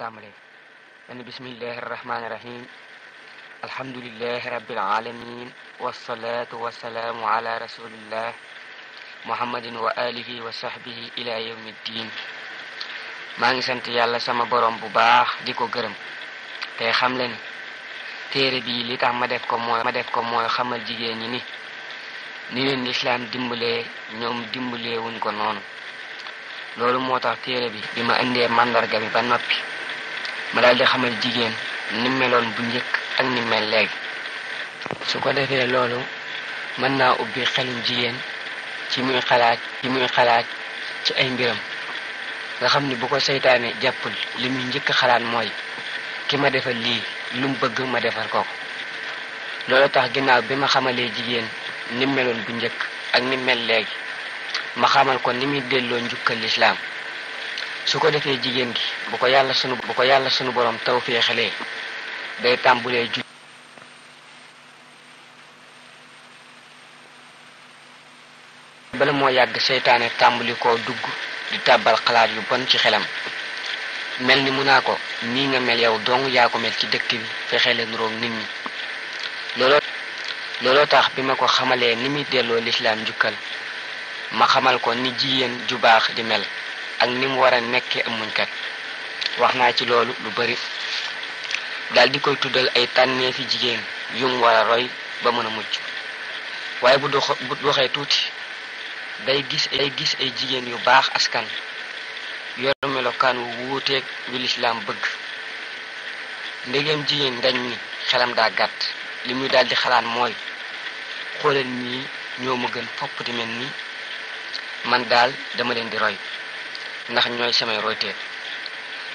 هتعمل ايه يعني بسم الله الرحمن الرحيم الحمد لله رب العالمين والصلاة والسلام على رسول الله محمد وآله وصحبه إلى يوم الدين ما نسنت الله سما بروم بباخ ديكو جرم تي خملن تيري بي لي تام ديف كو موي ما ديف كو موي خمال جيجيني ني ني لين الاسلام ديمبلي نيوم ديمبلي وون كو نون لولو موتاخ تيري بي بما اندي مندار غامي با نوبي ma daal di xamal jigéen ni meloon bu njëkk ak ni mel léegi su ko defee loolu mën naa ubbi xelum jigéen ci muy xalaat ci muy xalaat ci ay mbiram nga xam ni bu ko seytaanee jàppul li muy njëkk xalaat mooy ki ma defal lii lu mu bëgg ma defal ko ko loolu tax ginnaaw bi ma xamalee jigéen ni meloon bu njëkk ak ni mel léegi ma xamal ko ni muy delloo njukkal lislaam su ko defee jigéen gi bu ko yàlla sunu bu ko yàlla sunu borom taw féexalee day tàmbulee ju bala moo yàgg seytaane tàmbali koo dugg di tàbbal xalaat yu bon ci xelam mel ni mu naa ko nii nga mel yow dong yaa ko mel ci dëkk bi fexe leen roog nit ñi looloo looloo tax bi ma ko xamalee ni muy delloo lislaam njukkal ma xamal ko ni jigéen ju baax di mel ak ni mu war nekkee am muñkat wax naa ci loolu lu bari daal di koy tuddal ay tànnee fi jigéen yu mu war a roy ba mën a mucc waaye bu dox bu tuuti day gis day gis ay jigéen yu baax askan yor melokaan wu wuuteeg wi lislaam bëgg ndegem jigéen dañ ni xelam daa gàtt li muy daal di xalaat mooy xoolal nii ñoo ma gën fopp di mel ni man daal dama leen di roy ndax ñooy samay royteef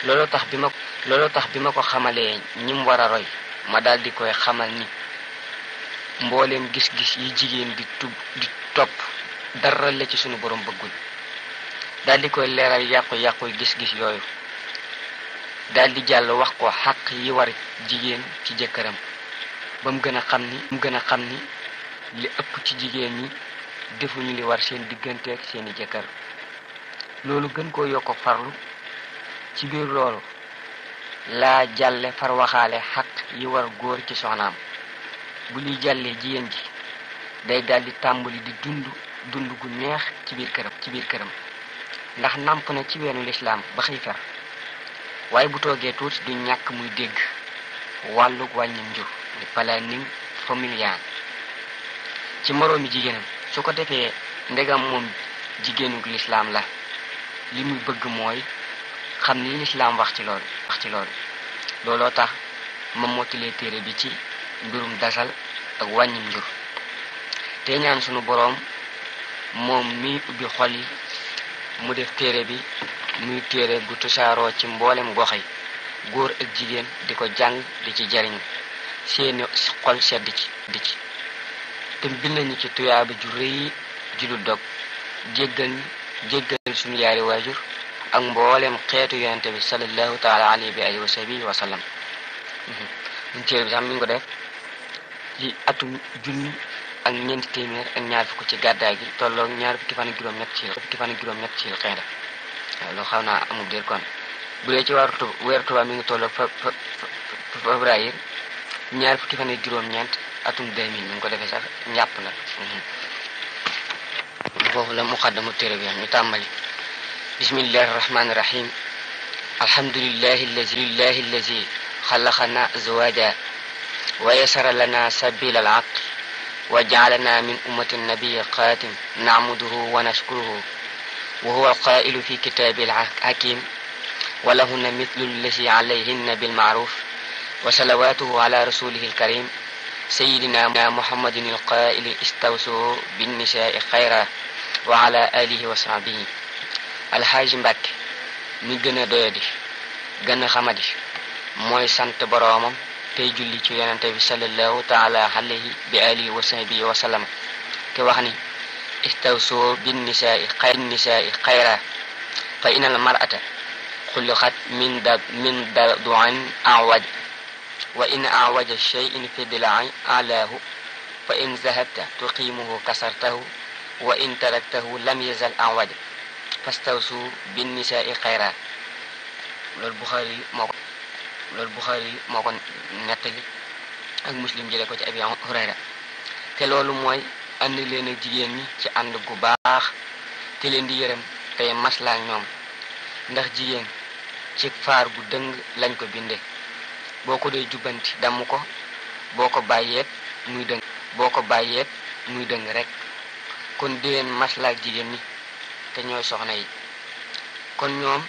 looloo tax bi ma looloo tax bi ma ko xamalee ñi mu war a roy ma daal di koy xamal ni mbooleem gis-gis yi jigéen di tub di topp dara la ci sunu borom bëggul daal di koy leeral yàqu-yàqu gis-gis yooyu daldi jàll wax ko xaq yi war jigéen ci jëkkëram ba mu gën a xam ni mu gën a xam ni li ëpp ci jigéen ñi defuñu li war seen digganteeg seeni jëkkër lolu gën ko yokko farlu ci biir loolu la jalle far waxale hak yi war goor ci soxnaam bu li jalle jigéen ji day daldi tàmbali di dund dund gu neex ci biir kërëm ci biir kërëm ndax namp na ci wénu l'islam ba xey fer waye bu toogee tout du ñak muy dégg walu wàññim njur ni planning familial ci moromi jigenam su ko ndegam la li muy bëgg mooy xam ni lislaam wax ci wax ci looloo tax ma mottalee téere bi ci mbirum dasal ak wàññim njur teeñaan sunu boroom moom miy ubbi xol yi mu def téere bi muy téere gu tusaaroo ci mboolem gox góor ak jigéen di ko jàng di ci jariñu seeni xol sedd ci di ci te bind nañu ci tuyaaba ju rëy ji lu dog jéggal ñi jéggal suñu yaari waajur ak mboolem xeetu yonente bi sallallahu taala alayhi bi ay wa sahbihi wa sallam ñun téere bi sax mi ngi ko def ci atum junni ak ñeenti téeméer ak ñaar fukk ci gàddaay gi tolloo ñaar fukki fan ak juróom-ñett ci fukki fan ak juróom-ñett ci xeeda waaw loolu naa amul dér kon bu dee ci waartu weeru tubaab mi ngi tolloo fa ñaar fukki fan ak juróom-ñeent atum 2000 ñu ngi ko defee sax ñàpp na foofu la muqaddamu téere bi بسم الله الرحمن الرحيم الحمد لله الذي لله الذي خلقنا أزواجا ويسر لنا سبيل العقل وجعلنا من أمة النبي قاتم نعمده ونشكره وهو القائل في كتاب الحكيم ولهن مثل الذي عليهن بالمعروف وصلواته على رسوله الكريم سيدنا محمد القائل استوسوا بالنساء خيرا وعلى آله وصحبه الحاج مبك مي گنا دويدي گنا خمدي موي سانت بروامم تي جولي تي يونتي صلى الله تعالى عليه بآله وصحبه وسلم كي واخني استوصوا بالنساء خير النساء خيرا فإن المرأة خلقت من دب من دعاء أعوج وإن أعوج الشيء في دلعي أعلاه فإن ذهبت تقيمه كسرته wa in taraktahu lam yazal en waj fastawsu bin nisaai xayra loolu Buxaari moo ko loolu Buxaari moo ko nettali ak muslim jële ko ci Abi Hurayra te loolu mooy ànd leen ak jigéen ñi ci ànd gu baax te leen di yërëm tey maslaa ñoom ndax jigéen ci faar gu dëng lañ ko binde boo ko dee jubbanti damm ko boo ko bàyyeet muy dëng boo ko bàyyeet muy dëng rek kon di leen ak jigéen ñi te ñooy soxna yi kon ñoom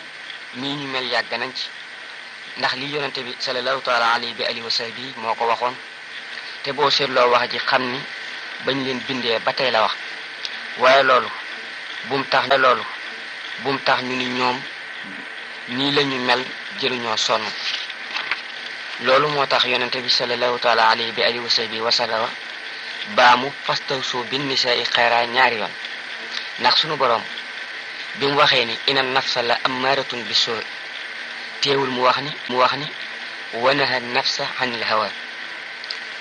mi ñu mel yàgg nañ ci ndax li yonente bi salallahu taala alayhi bi alihi wa sahbi moo ko waxoon te boo seetloo wax ji xam ni bañ leen bindee ba tey la wax waaye loolu bum tax loolu bum tax ñu ni ñoom nii la ñu mel jëruñoo sonn loolu moo tax yonente bi salallahu taala alayhi bi alihi wa sahbi wa sallama baamu fastawsu bin nisaa'i xayra ñaari yoon ndax sunu boroom bi mu waxee ni ina nafsa la amaaratun bi soo teewul mu wax ni mu wax ni wanaha nafsa anil hawa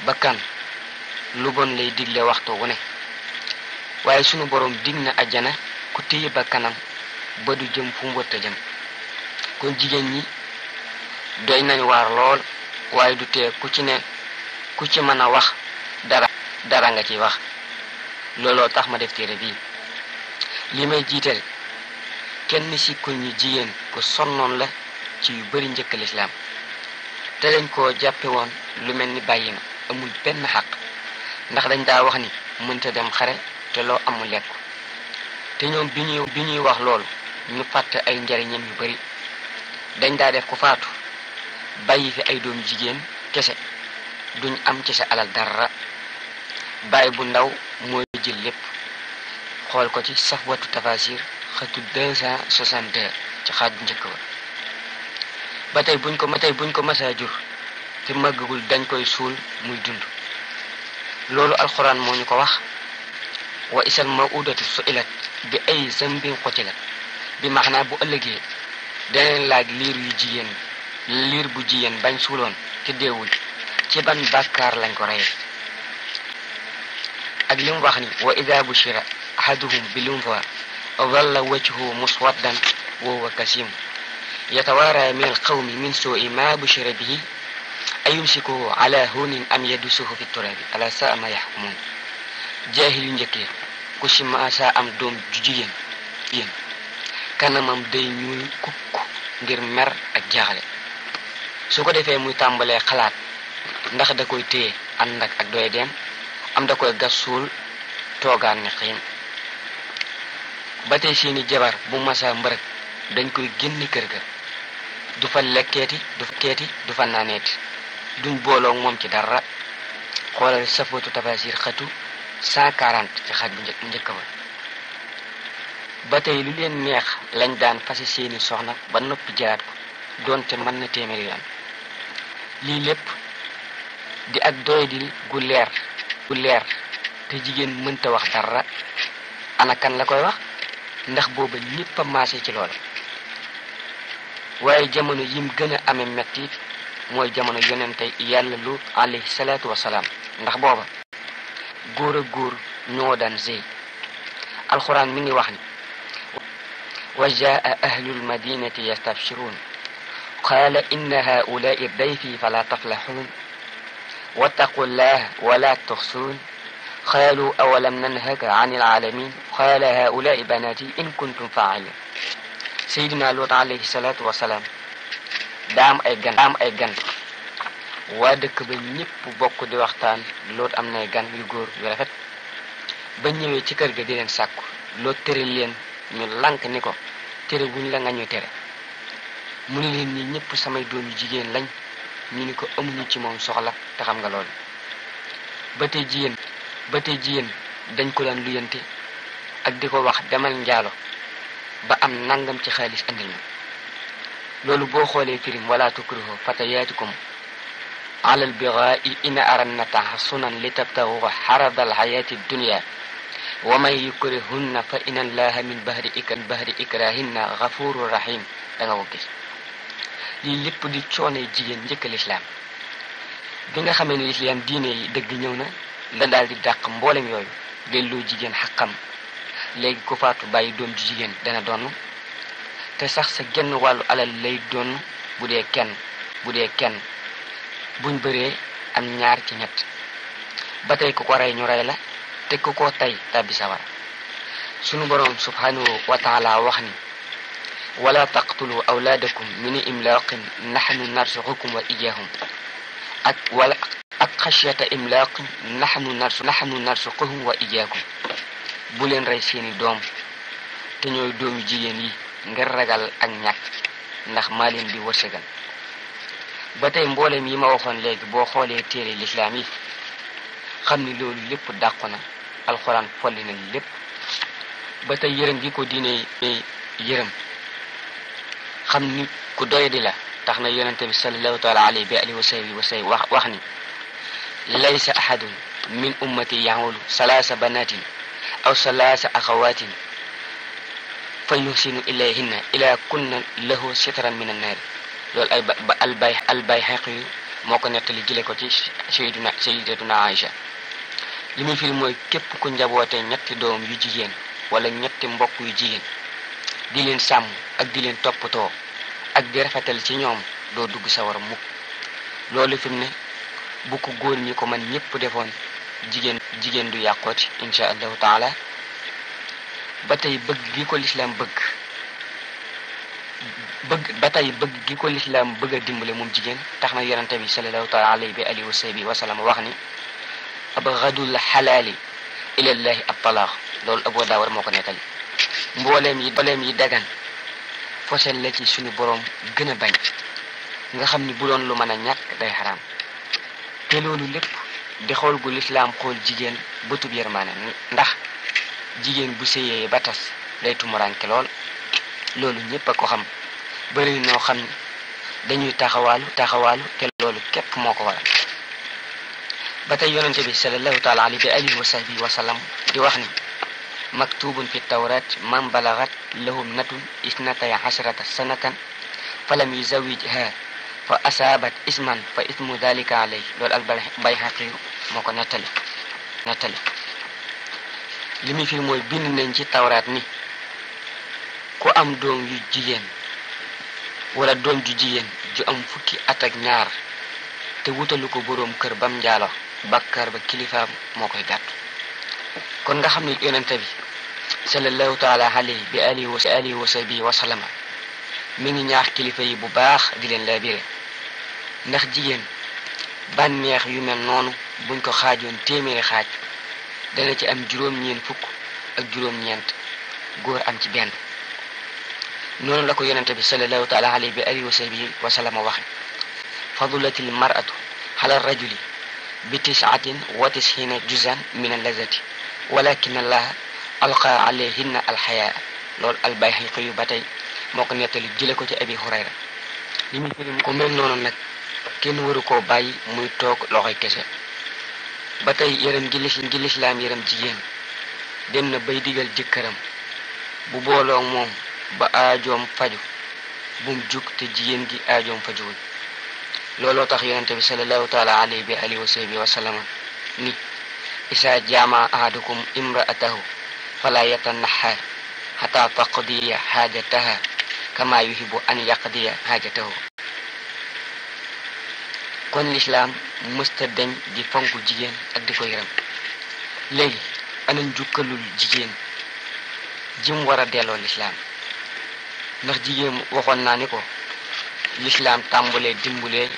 bakkan lu bon lay digle waxtu wu ne waaye sunu boroom digg na ajjana ku téye bakkanam ba du jëm fu mu wëtt jëm kon jigéen ñi doy nañu waar lool waaye du tee ku ci ne ku ci mën a wax dara dara nga ciy wax looloo tax ma def téere bii li may jiital kenn si ku ñu jigéen ku sonnoon la ci yu bari njëkk lislaam te dañ koo jàppe woon lu mel ni bàyyi na amul benn xaq ndax dañ daa wax ni mënta dem xare te loo amul lekk te ñoom bi ñuy wax loolu ñu pàtt ay njariñam yu bari dañ daa def ku faatu bàyyi fi ay doom jigéen kese duñ am ci sa alal dara baay bu ndaw mooy jël lépp xool ko ci safwatu tafasir xëtu deux cent soixante deux ci xaaj bu njëkk ba buñ ko ba buñ ko masaa jur te màggagul dañ koy suul muy dund loolu alxuraan moo ñu ko wax wa isal ma udatu su ilat bi ay zambin xotilat bi maxnaa bu ëllëgee daneen laaj liir yu jigéen liir bu jigéen bañ suuloon te deewul ci ban bàkkaar lañ ko reyee أجلم رهني وإذا بشر أحدهم بالأنثى ظل وجهه مسودا وهو كسيم يتوارى من القوم من سوء ما بشر به أيمسكه على هون أم يدسه في التراب ألا ساء ما يحكمون jaahil yu njëkk ya ku si maasa am doom ju jigéen yéen kanamam day ñuul kukk ngir mer ak jaaxle su ko defee muy tàmbalee xalaat ndax da koy téye ànd ak ak doy dem am da koy gas suul toogaan ni xiin ba tey seeni jabar bu masa mbërëg dañ koy génn kër ga du fa lekkeeti du fa keeti du fa naaneeti duñ booloo moom ci dara xoolal safootu tafasir xatu 140 ci xaj bu njëkk ba ba tey lu leen neex lañ daan fase seeni soxna ba noppi jaraat ko doonte mën na téeméeri yoon lii lépp di ak doy gu leer bu leer te jigéen mënta wax dara ana kan la koy wax ndax booba ñépp a maase ci loolu waaye jamono yim gën a amee mettit mooy jamono yonente yàlla lu alayhi salaatu wasalaam ndax booba góor ak góor ñoo daan sëy alxuraan mi ngi wax ni wa jaa ahlu lmadinati yastabshiruun qaala inna haulaai dayfi fala taflaxuun واتقوا الله ولا تخسرون قالوا أولم ننهك عن العالمين قال هؤلاء بناتي إن كنتم فاعلين سيدنا لوط عليه الصلاة والسلام daam ay gan daam ay gan waa dëkk ba ñëpp bokk di waxtaan loot am nay gan yu góor yu rafet ba ñëwee ci kër ga di leen sàkku loot tere leen ñu lànk ni ko tere guñ la nga ñu tere mu ne leen ñi ñëpp samay doom yu jigéen lañ ñu ni ko amuñu ci moom soxla te xam nga loolu ba tey jii ba tey jii dañ ko daan luyante ak di ko wax demal njaalo ba am nangam ci xaalis andil ma loolu boo xoolee firim wala tukrihu fatayaatikum alal bighaa'i in aranna tahassunan li tabtaghu haradal hayaati dunya wa man yukrihunna fa in allaha min bahri ikrahinna ghafurur rahim da nga ko gis yi lépp di coonee jigéen njëkk lislaam bi nga xamee ne lislaam diine yi dëgg ñëw na la daal di dàq mboolem yooyu delloo jigéen xaqam léegi ku faatu bàyyi doom ju jigéen dana donn te sax sa genn wàllu alal lay doon bu dee kenn bu dee kenn buñ bëree am ñaar ci ñett ba tey ku ko rey ñu rey la te ku ko tey tàbbi sawara sunu boroom subhanahu wax ni wala taqtulu awlaadakum min imlaaqin naxnu narzuqukum wa iyaahum ak wala ak xashyata imlaaqin naxnu narsu naxnu narzuquhum wa iyaakum bu leen rey seeni doom te ñooy doomu jigéen yi ngir ragal ak ñàkk ndax maa leen di wërsëgal ba tey mboolem yi ma waxoon léegi boo xoolee téere lislaam yi xam ni loolu lépp dàqu na alxuraan folli na lépp ba tey yërëm gi ko diine yërëm xamni ku doy di la tax na yonente bi salallahu taala alayhi bi alihi wa sahbihi wa sahbihi wax wax ni laysa ahadun min ummati yaulu salasa banatin aw salasa akhawatin fa yuhsinu ilayhinna ila kunna lahu sitran min an-nar lol ay albay albay xeq yu moo ko nettali jële ko ci sayyiduna sayidatuna aisha limi muy moy kep ku njabote ñetti doom yu jigen wala ñetti mbokk yu jigen di leen sàmm ak di leen toppatoo ak di rafetal ci ñoom doo dugg sawar mukk loolu fi mu ne bu ko góor ñi ko man ñëpp defoon jigéen jigéen du yàqooti incha allahu taala ba tey bëgg gi ko lislaam bëgg bëgg ba tey bëgg gi ko lislaam bëgg a dimbale moom jigéen tax na yonente bi salallahu taala alayhi bi alihi wa sahbi wa wax ni ab abgadul xalaali ilallahi ab talaax loolu aboo daawar moo ko nettali mbooleem yi mbooleem yi dagan fosel la ci suñu boroom gën a bañ nga xam ni bu doon lu mën a ñàkk day xaraam te loolu lépp di xool gu lislaam xool jigéen bëtub yërmaane ndax jigéen bu séyee ba tas day tumuranke lool loolu ñépp a ko xam bëri noo xam dañuy taxawaalu taxawaalu te loolu képp moo ko waral ba tey yonente bi sallallahu taala alayhi wa alihi wa sahbihi di wax ni مكتوب في التوراة من بلغت له ابنة اثنتي عشرة سنة فلم يزوجها فأصابت اسما فإثم ذلك عليه لول البيهقي موكو نتالي نتالي لمي في موي بين نينجي التوراة ني كو أم دوم يجيين ولا دوم يجيين جو أم فكي أتاك نار تي ووتالوكو بروم كربام جالا بكر بكليفا موكو يجاتو kon nga xam ni yonent bi sallallahu taala alayhi bi alihi wa alihi wa sahbihi wa sallama mi ngi ñaax kilifa yi bu baax di leen labiré ndax jigéen bànneex yu mel noonu buñ ko xaajoon téeméeri xaaj dana ci am juróom-ñeen fukk ak juróom-ñeent góor am ci benn noonu la ko yonente bi salallahu taala alayhi bi alihi wa sahbihi wa sallama waxe فضلت المرأة على الرجل بتسعة وتسعين جزءا من اللذة walakin allah alqa alayhinna alxayaa loolu albayxiqi yu ba tey moo ko nettali jële ko ci abi hurayra li muy firi ko mel noonu nag kenn waru koo bàyyi muy toog loxoy kese ba tey yaram gi lis lislaam yaram jigéen dem na bay digal jëkkëram bu booloo moom ba aajoom faju bum jug te jigéen gi aajoom fajuwuñ looloo tax yonente bi salallahu taala alayhi bi alihi wa ni isa jama ahadukum imraatahu fala yatanaha hatta taqdiya hajataha kama yuhibu an yaqdiya hajatahu kon lislaam mësta deñ di fonk jigéen ak di ko yërëm léegi ana njukkalul jigéen jim war a delloo lislaam ndax jigéen waxoon naa ni ko lislaam tàmbalee dimbulee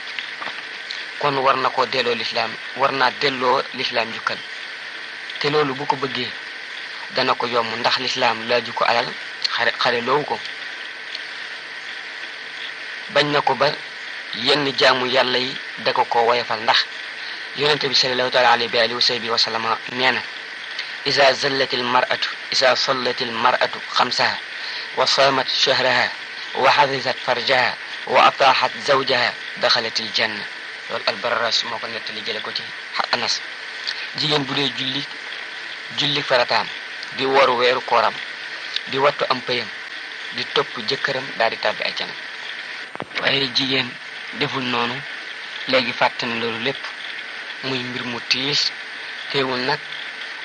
kon war na koo delloo lislaam war naa delloo lislaam njukkal te loolu bu ko bëggee dana ko yomb ndax lislaam laaju ko alal xare xare loowu ko bañ na ko ba yenn jaamu yàlla yi da ko ko woyafal ndax yonente bi salallahu taala alayhi bi alihi wa sahbi wa sallama nee na إذا زلت المرأة إذا صلت المرأة خمسها وصامت شهرها وحفظت فرجها وأطاحت زوجها دخلت الجنة البراس موكا نتلي جلكوتي أنس جيجن بولي جولي julli farataam di woor weeru kooram di wattu am payam di topp jëkkëram daal di tàbbi ajjana waaye jigéen deful noonu léegi fàtte loolu lépp muy mbir mu tiis teewul nag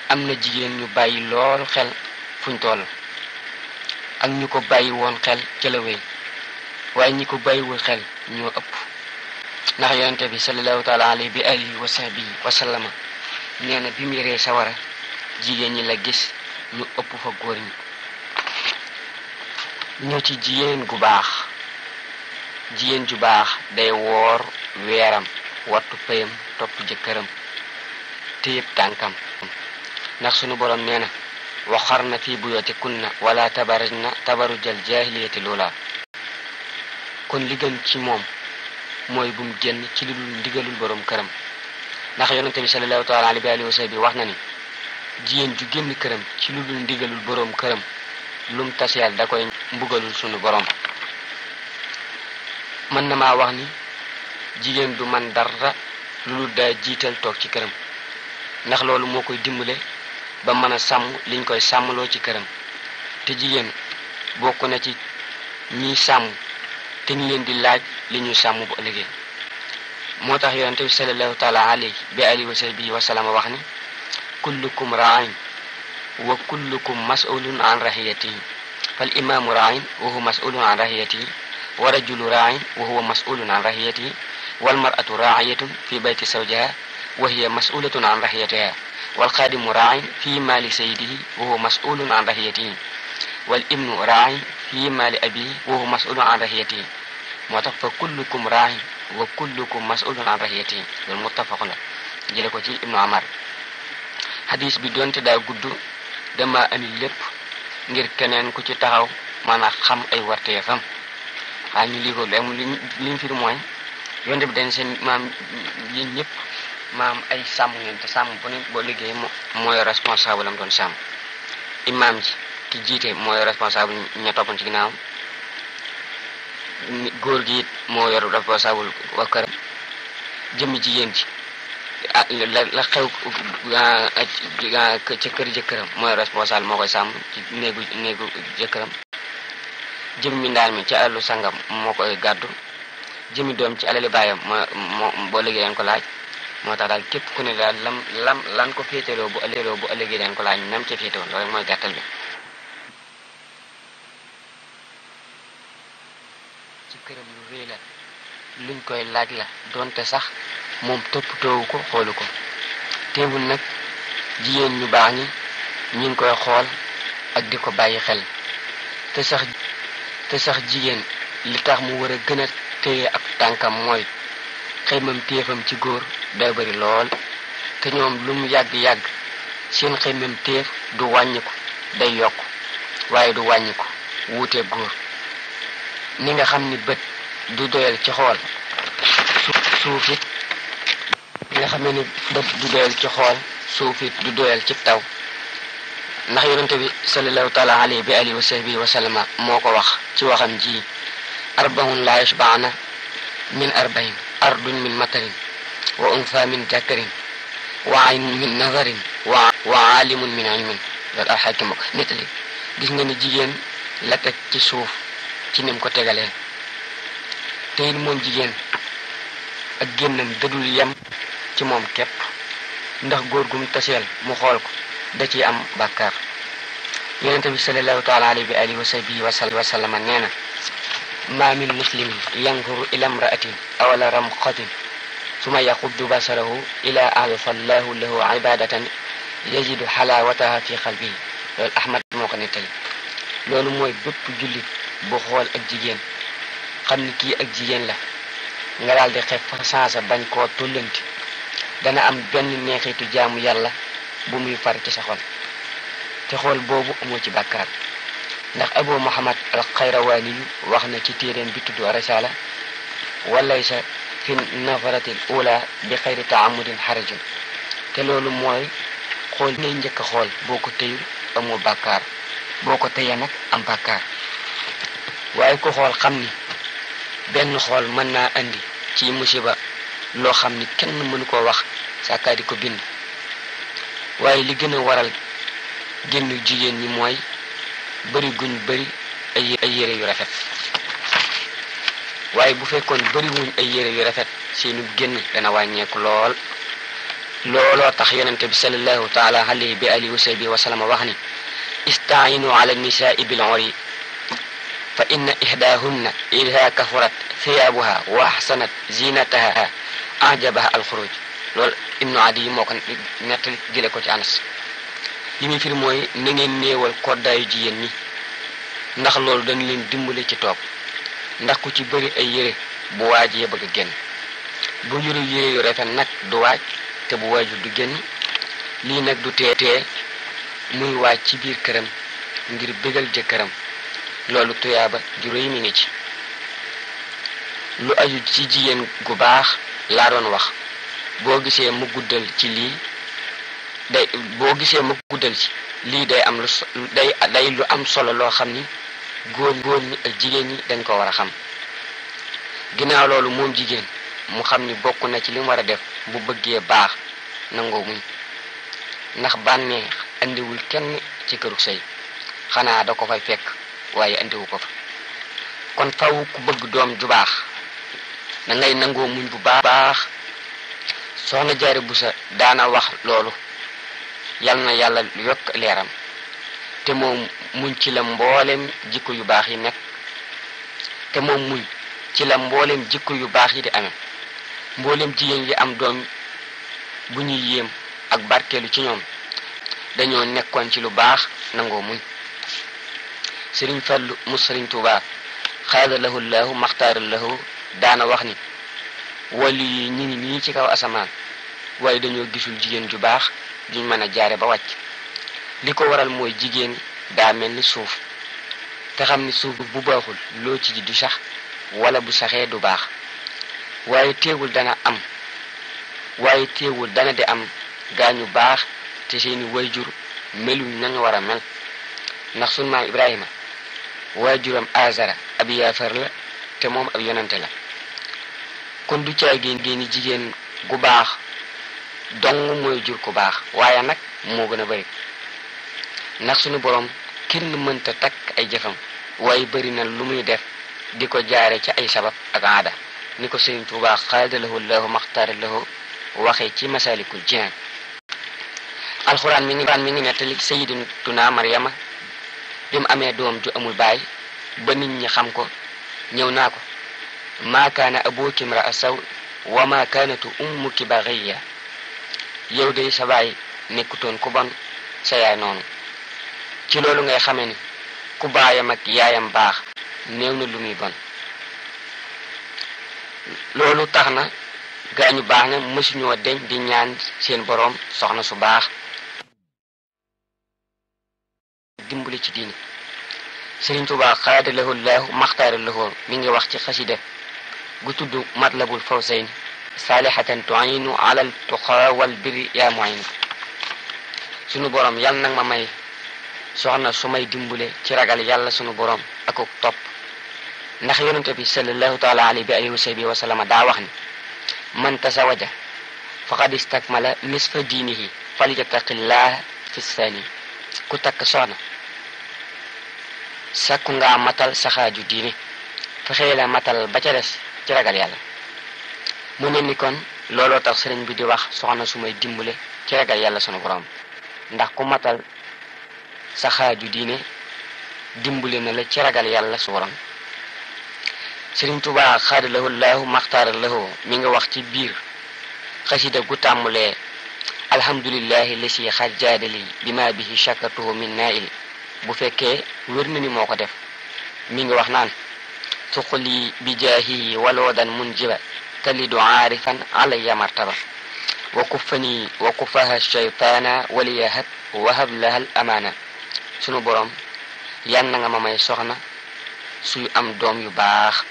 am na jigéen ñu bàyyi lool xel fuñ toll ak ñu ko bàyyi woon xel cëlawéy waaye ñi ko bàyyiwul xel ñoo ëpp ndax yonente bi sallallahu taala alayhi bi alihi wa sahbihi wa sallama bi mu yëree sawara jigéen ñi la gis ñu ëpp fa góor ñi ñoo ci jigéen gu baax jigéen ju baax day woor weeram wattu payam topp jëkkëram te yëpp tànkam ndax sunu borom nee na waxarna fi buyutikunna wala tabarajna tabarujal jaahiliyati loola kon li gën ci moom mooy bu mu génn ci lu dul ndigalul borom këram ndax yonente bi sallallahu taala alayhi wa sallam wax na ni jigéen ju génn këram ci lu dul ndigalul boroom këram lum taseel da koy mbugalul sunu borom mën na maa wax ni jigéen du man dara lu dul daa jiital toog ci këram ndax loolu moo koy dimbale ba mën a sàmm liñ koy sàmmaloo ci këram te jigéen bokk na ci ñiy sàmm te ñu leen di laaj li ñu sàmm bu ëllëgee moo tax yonente bi sallallahu taala alayhi bi alihi wa wa sallam wax ni كلكم راع وكلكم مسؤول عن رعيته فالإمام راع وهو مسؤول عن رعيته ورجل راع وهو مسؤول عن رعيته والمرأة راعية في بيت زوجها وهي مسؤولة عن رعيتها والخادم راع في مال سيده وهو مسؤول عن رعيته والابن راع في مال أبيه وهو مسؤول عن رعيته متفق كلكم راع وكلكم مسؤول عن رعيته المتفق له جلكو ابن عمر hadis bi donte daa gudd dama ani lépp ngir keneen ku ci taxaw mën xam ay warteefam xaa ñu lii ko léemu li liñ firi mooy yonte bi dañ seen maam yéen ñëpp maam ay sàmm ngeen te sàmm bu ne boo liggéey mooy responsable am doon sàmm imaam ji ki jiite mooy responsable ña toppoon ci ginnaaw góor gi it moo yor responsable waa këram jëmmi jigéen ji ah la xew ca kër jëkkëram mooy responsable moo koy sàmm ci néegu néegu jëkkëram jëmmi ndaal mi ci àllu sangam moo koy gàddu jëmmi doom ci alali baayam moo moo boo léegi leen ko laaj moo tax daal képp ku ne daal lam lan ko féetaloo bu bu ëllëgee laaj nam ca féetewoo loolu mooy gàttal bi ci këram lu rëy la luñ koy laaj la donte sax moom toppatoowu ko xoolu ko teewul nag jigéen ñu baax ñi ñu ngi koy xool ak di ko bàyyi xel te sax te sax jigéen li tax mu war a gën a téye ab tànkam mooy xëymam téefam ci góor day bari lool te ñoom lu mu yàgg-yàgg seen xëymam téef du wàññiku day yokk waaye du wàññiku wuute góor ni nga xam ni bët du doyal ci xool suuf it xamee ni daf du doyal ci xol suuf du doyal ci taw ndax yaronte bi sallallahu taala alayhi bi alihi wa sahbihi wa sallama moko wax ci waxam ji arba'un la yashba'na min arbain ardun min matarin wa unfa min jakarin wa ayn min nazarin wa wa alimun min ilmin loolu alxakim nitali gis nga ni jigen la tek ci souf ci nim ko tegalé te mom jigen ak génnam dedul yam ci moom képp ndax góor gum taseel mu xool ko da ciy am bàkkaar yonente bi salallahu taala alayhi wa alihi wa sahbihi wa ma min muslimin yanzuru ila imraatin awala ramqatin suma yaxuddu basarahu ila arifa lahu ibadatan yajidu xalaawataha fi xalbihi loolu mooy bépp jullit bu xool ak jigéen xam ni kii ak jigéen la nga daal di xeeb fa saasa bañ koo tollanti dana am benn neexitu jaamu yàlla bu muy far ci sa xol te xool boobu amoo ci bàkkaar ndax abu muhammad al xayrawaani wax na ci téeréem bi tudd risala walay sa fi nafaratil ula bi xayri taamudin xarajun te loolu mooy xool ngay njëkk a xool boo ko téyul amoo bàkkaar boo ko téyee nag am bàkkaar waaye ku xool xam ni benn xool mën naa andi ci musiba lo xamni kenn mënu ko wax sàkkaa di ko bind waye li gëna waral génnu jigen ñi moy bari guñ bari ay ay yére yu rafet waye bu fekkon bari wuñ ay yére yu rafet seenu génn dana wañeku lol lolo tax yenente bi sallallahu taala alayhi bi alihi wa sahbihi wa sallam wax ni istainu ala nisaai bil 'uri fa inna ihdahunna idha kafarat thiyabaha wa ahsanat zinataha ajabaha alxuruj loolu ibnu adi yi moo ko nettali jële ko ci anas li muy firi mooy na ngeen néewal koddaayu jigéen ñi ndax loolu dañ leen dimbale ci toog ndax ku ci bëri ay yére bu waajee bëgg génn bu yuru yére yu rafet nag du waaj te bu waaju du génn lii nag du tee tee muy waaj ci biir këram ngir bégal jëkkëram loolu tuyaaba juróomi mi ngi ci lu aju ci jigéen gu baax laron doon wax boo gisee mu guddal ci lii day boo gisee mu guddal ci lii day am lu day day lu am solo loo xam ni góor góor ñi ak jigéen ñi dañ ko war a xam ginnaaw loolu moom jigéen mu xam ni bokk na ci li mu war a def bu bëggee baax nangoo muñ ndax bànnee andiwul kenn ci këru sëy xanaa da ko fay fekk waaye andiwu ko fa kon faw ku bëgg doom ju baax na nangoo muñ bu baax soxna jaari bu sa daana wax loolu yal na yàlla yokk leeram te moom muñ ci la mboolem jikko yu baax yi nekk te moom muñ ci la mboolem jikko yu baax yi di amee mboolem jigéen yi am doon bu ñuy yéem ak barkeelu ci ñoom dañoo nekkoon ci lu baax nangoo muñ sëriñ Fallu mu sëriñ Tuubaa xaada lahu llahu maxtaara daana wax ni wàllu yi ñu ngi nii ci kaw asamaan waaye dañoo gisul jigéen ju baax juñ mën a jaare ba wàcc li ko waral mooy jigéen daa mel ni suuf te xam ni suuf bu baaxul loo ci ji du sax wala bu saxee du baax waaye teewul dana am waaye teewul dana di am gaañu baax te seeni wayjur meluñ nañu war a mel ndax sun maam Ibrahima waajuram Azara ab yaafar la te moom ab yonante la kon du caay géen génni jigéen gu baax dong mooy jur ku baax waaye nag moo gën a bëri ndax sunu boroom kenn mënta takk ay jëfam waaye bari na lu muy def di ko jaare ci ay sabab ak aada ni ko sëriñ Tuubaa xaadalahu lahu maxtaara lahu waxee ci masalikul jinaan alxuraan mi ngi mi ngi nettali sayyidatuna Maryama bi mu amee doom ju amul baay ba nit ñi xam ko ñëw naa ko ma kana abuki imra'a saw wa ma kanat ummuki baghiya yow day sa baay nekkutoon ku bon sa yaay noonu ci loolu ngay xame ni ku baayam ak yaayam baax néew na lu bon loolu tax na gaañu baax na mësuñoo deñ di ñaan seen boroom soxna su baax dimbali ci diini Sëriñ Tuubaa xaada lahu laahu maxtaara lahu mi ngi wax ci xasida جتد مطلب الفرسين صالحة تعين على التقى والبر يا معين سنو برام يلنا ماماي سوحنا سمي دمبولي تراغال يلا سنو برام أكو طب نخيون تبي صلى الله تعالى عليه بأي وسبي وسلم دعوهن من تزوج فقد استكمل نصف دينه فليتق الله في الثاني كتك سوحنا sakku nga matal saxaaju diine fexeela matal ba ca des ci ragal yàlla mu mel ni kon looloo tax sëriñ bi di wax soxna su may dimbale ci ragal yàlla sunu borom ndax ku matal sa xaaju diine dimbale na la ci ragal yàlla sunu borom sëriñ Tuubaa xaada lahu laahu maxtaara mi nga wax ci biir xasida gu tàmmulee alhamdulillahi li si xajaadali bi ma bihi shakartuhu min nail bu fekkee wér na ni moo ko def mi nga wax naan تقلي بجاهي ولودا منجبا تلد عارفا علي مرتبة وكفني وكفها الشيطان ولي وهب لها الأمانة شنو بروم يانا ماما نعم يسوغنا سوي أم دوم يباخ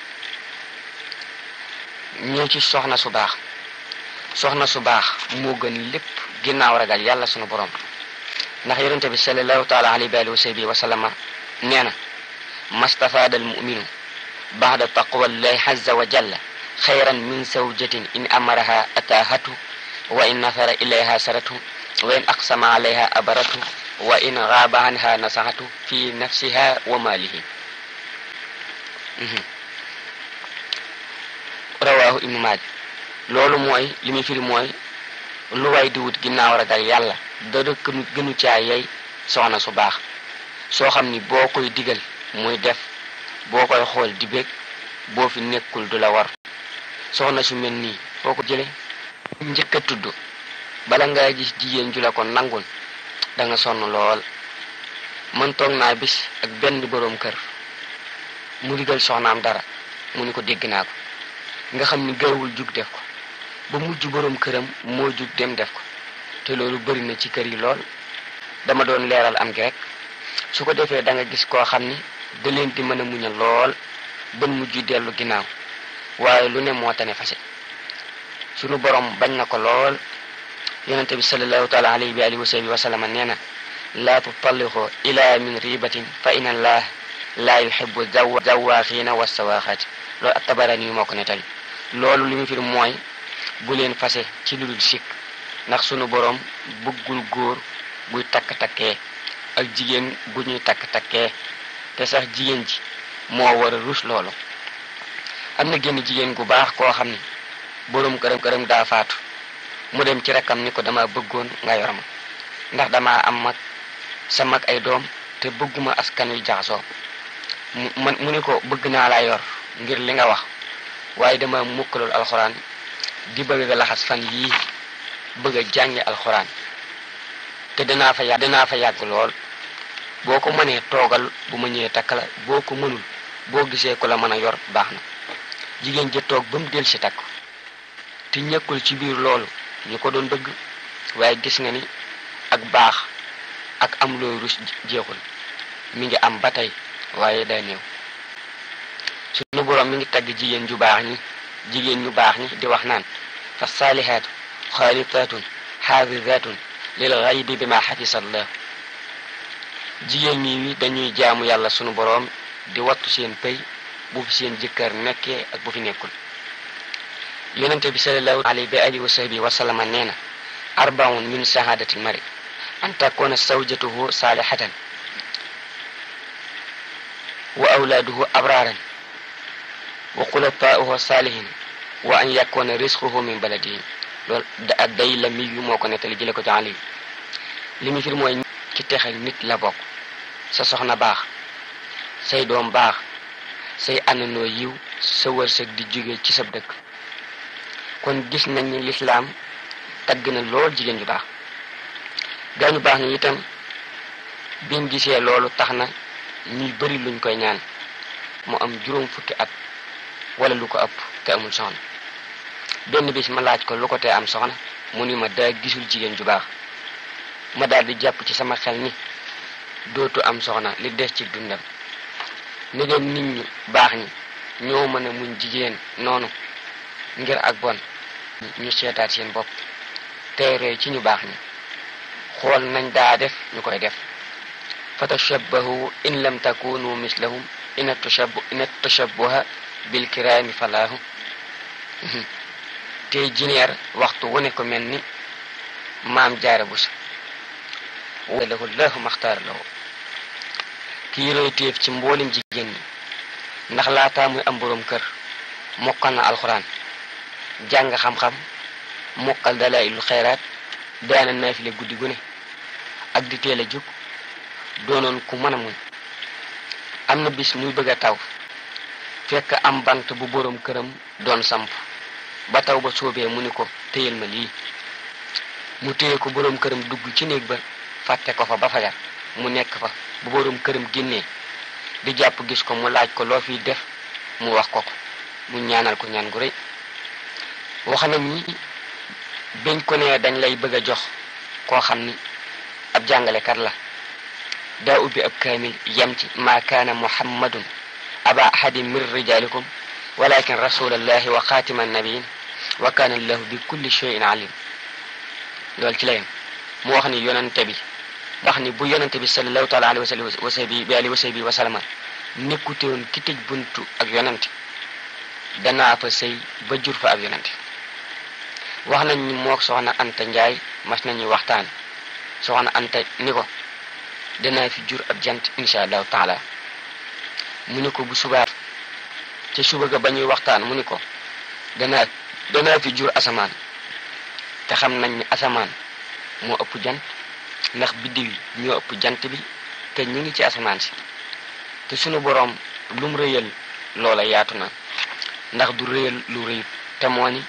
نيوتي سوغنا سوباخ سوغنا سوباخ موغن لب جنا ورقال يالا شنو بروم نخيرون تبسل الله تعالى علي بالي وسيبي وسلم نينا نعم. ما استفاد المؤمنون بعد تقوى الله عز وجل خيرا من زوجة إن أمرها أتاهته وإن نفر إليها سرته وإن أقسم عليها أبرته وإن غاب عنها نصحته في نفسها وماله rawaahu ibnu maaja loolu mooy li mooy lu way di wut ginnaaw ragal yàlla dara gënu gënu caa yey su baax soo xam ni boo koy digal muy def bokoy xol di bek bo fi nekkul dula war soxna ci melni foko jele ko jële tudd bala nga gis jigen ju la ko nangul da nga sonn lol man tok na bis ak ben borom kër mu digal soxnam dara mu ni ko degg na ko nga xamni juk def ko ba mujj borom kërëm mo juk dem def ko te loolu bari na ci kër yi lol dama doon leral am gi rek su ko defee da nga gis koo xam da leen di mën a muñal lool ba mujj dellu ginnaaw waaye lu ne moo tane fase sunu boroom bañ na ko lool yonente bi salallahu taala alayhi bi alihi wa sahbi nee na laa tutallixoo ila min ribatin fa in allah laa yuhibu zawaaxiina wa sawaaxaati loolu ak tabarani yu moo ko nettali loolu li mu firi mooy bu leen fase ci lu dul sikk ndax sunu borom bëggul góor guy takk-takkee ak jigéen gu ñuy takk-takkee te sax jigéen ji moo war a rus loolu am na génn jigéen gu baax koo xam ne boroom këram këram daa faatu mu dem ci rakkam ni ko dama bëggoon nga yor ma ndax dama am mag sa mag ay doom te bëgguma askan wi jaxasoo man mu ni ko bëgg naa laa yor ngir li nga wax waaye dama mukkalul alxuraan di bëgg a laxas fan yii bëgg a jàngi alxuraan te danaa fa yàgg danaa fa yàgg lool boo ko mënee toogal bu ma ñëwee takk la boo ko mënul boo gisee ko la mën a yor baax na jigéen ji toog ba mu del si takk te ñëkkul ci biir loolu ñu ko doon bëgg waaye gis nga ni ak baax ak am looy rus jeexul mi ngi am ba tey waaye day néew suñu borom mi ngi tagg jigéen ju baax ñi jigéen ñu baax ñi di wax naan fa saalihaatu xaalitatun xaafidatun lil xaybi bi ma xafisa allah jigéen ñi wi dañuy jaamu yàlla sunu borom di wattu seen pay bu fi seen jëkkër nekkee ak bu fi nekkul yonente bi sallallahu alayhi wa alihi wa sahbi wa arbaun min sahadati mari an takuna zawjatuhu salihatan wa awladuhu abraran wa xulafaauhu salihin wa an yakuna rizquhu min baladihi lol da day la mi yu jële ko ci ali li fir moy ci texal nit la bokk sa soxna baax say doom baax say àndandoo yiw sa wërsëg di jóge ci sab dëkk kon gis nañ ni lislaam tagg na lool jigéen ju baax gaañu baax ni itam biñ gisee loolu tax na ñuy bari luñ koy ñaan mu am juróom fukki at walla lu ko ëpp te amul soxna benn bis ma laaj ko lu ko tee am soxna mu ni ma daa gisul jigéen ju baax ma daldi jàpp ci sama xel ni dootu am soxna li des ci dundam ndegam nit ñi baax ñi ñoo mën a muñ jigéen noonu ngir ak bon ñu seetaat seen bopp teeree ci ñu baax ñi xool nañ daa def ñu koy def fa tashabbahu in lam takunu mislahum ina tashabbu ina falaahu tey jineer waxtu wu ne ko mel ni maam jaare bu si lahu ko maxtaar lahu kii roy ci mboolem jigéen ñi ndax laataa muy am boroom kër mokkal na alxuraan jàng xam-xam mokkal dalailul xayraat daana naafile guddi gune ak di teel a jóg doonoon ku mën a muñ am na bis muy bëgg a taw fekk am bant bu boroom këram doon samp ba taw ba soobee mu ni ko téyel ma lii mu téye ko boroom këram dugg ci néeg ba fàtte ko fa ba fajar mu nekk fa bu boroom këram génnee di jàpp gis ko mu laaj ko loo fiy def mu wax ko ko mu ñaanal ko ñaan gu wax nañ ni biñ ko nee dañ lay bëgg a jox koo xam ni ab jàngalekat la daa ubbi ab kaamil yam ci maa kaana muhammadun aba ahadin min rijalikum walakin rasulallahi wa xaatima nabiin wa kaana allahu bi kulli cheyin alim loolu ci la yem mu wax ni yonante bi ndax ni bu yonente bi sallallahu taala alayhi wa sallam wa sahbi bi alihi wa sahbi wa sallama nekkutewoon ki tëj buntu ak yonente danaa fa sëy ba jur fa ak yonente wax nañ ni moo soxna Anta Njaay mas nañuy waxtaan soxna Anta ni ko danaa fi jur ab jant insha allahu taala mu ni ko bu subaat ca suba ba ñuy waxtaan mu ni ko danaa danaa fi jur asamaan te xam nañ ni asamaan moo ëpp jant ndax biddiw yi ñoo ëpp jant bi te ñu ngi ci asamaan si te sunu boroom lum mu rëyal loola yaatu na ndax du rëyal lu rëyut te moo ni